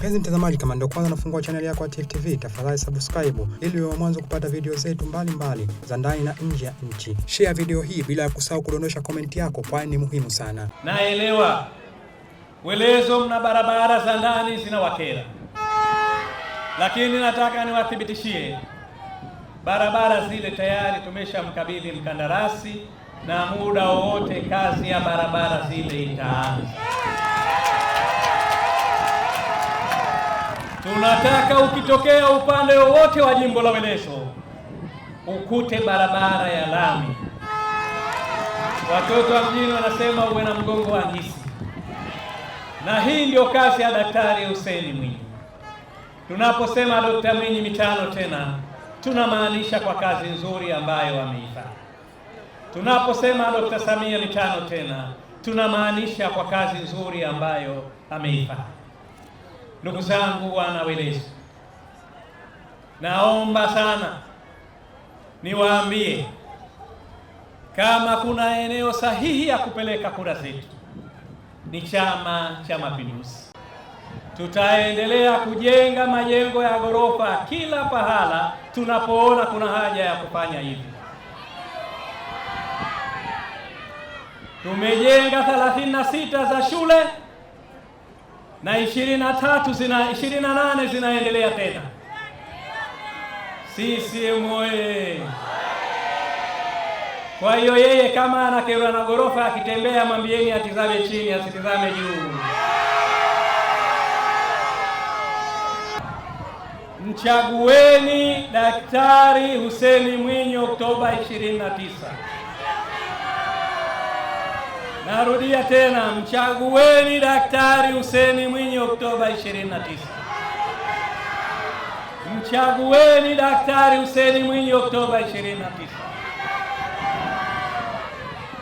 Mpenzi mtazamaji, kama ndio kwanza nafungua chaneli yako ya Tifu TV, tafadhali subscribe ili uwe mwanzo kupata video zetu mbalimbali za ndani na nje ya nchi. Share video hii bila ya kusahau kudondosha komenti yako, kwani ni muhimu sana. Naelewa welezo mna barabara za ndani zina wakera lakini nataka niwathibitishie barabara zile tayari tumeshamkabidhi mkandarasi na muda wowote kazi ya barabara zile itaanza. tunataka ukitokea upande wowote wa jimbo la Weleso ukute barabara ya lami. Watoto wa mjini wanasema uwe na mgongo wa ngisi, na hii ndio kazi ya Daktari Hussein Mwinyi. Tunaposema Dokta Mwinyi mitano tena, tunamaanisha kwa kazi nzuri ambayo ameifanya. Tunaposema Dokta Samia mitano tena, tunamaanisha kwa kazi nzuri ambayo ameifanya. Ndugu zangu Welezi, naomba sana niwaambie kama kuna eneo sahihi ya kupeleka kura zetu ni Chama cha Mapinduzi. Tutaendelea kujenga majengo ya ghorofa kila pahala tunapoona kuna haja ya kufanya hivyo. Tumejenga 36 za shule na ishirini na tatu zina ishirini na nane zinaendelea tena. CCM oye! Kwa hiyo yeye kama anakerwa na ghorofa akitembea, mwambieni atizame chini, asitizame juu. Mchagueni Daktari Hussein Mwinyi Oktoba 29. Narudia tena, mchagueni Daktari Hussein Mwinyi Oktoba 29. Mchagueni Daktari Hussein Mwinyi Oktoba 29.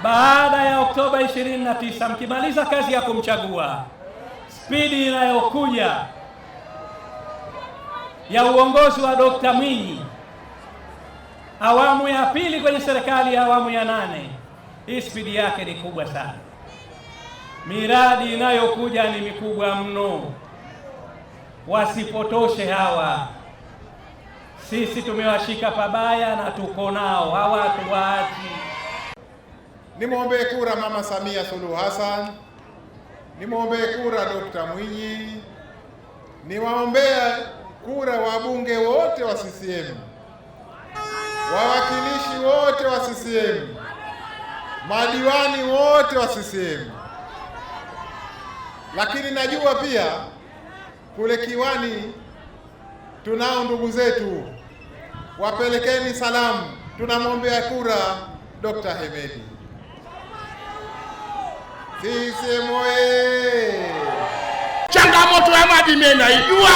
Baada ya Oktoba 29, mkimaliza kazi ya kumchagua, spidi inayokuja ya uongozi wa Dokta Mwinyi awamu ya pili kwenye serikali ya awamu ya nane hii spidi yake ni kubwa sana. Miradi inayokuja ni mikubwa mno, wasipotoshe hawa. Sisi tumewashika pabaya na tuko nao hawa, Nimwombee kura Mama Samia Suluhu Hassan, nimwombee kura Dokta Mwinyi, niwaombea kura wabunge wote wa CCM, wawakilishi wote wa CCM madiwani wote wa CCM, lakini najua pia kule Kiwani tunao ndugu zetu, wapelekeni salamu, tunamwombea kura Dr. Hemedi. CCM oye! Changamoto ya maji mimi naijua,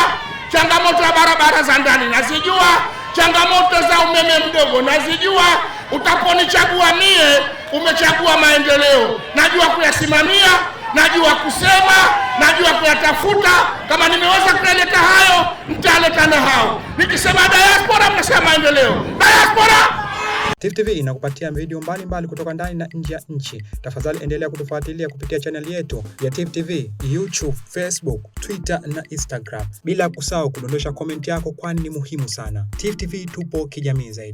changamoto ya barabara za ndani nazijua, changamoto za umeme mdogo nazijua. Utaponichagua mie umechagua maendeleo, najua kuyasimamia, najua kusema, najua kuyatafuta. Kama nimeweza kuyaleta hayo, nitaleta na hao. Nikisema diaspora, mnasema maendeleo. Diaspora Tifu TV inakupatia video mbalimbali mbali kutoka ndani na nje ya nchi. Tafadhali endelea kutufuatilia kupitia chaneli yetu ya Tifu TV, YouTube, Facebook, Twitter na Instagram, bila kusahau kudondosha komenti yako, kwani ni muhimu sana. Tifu TV tupo kijamii zaidi.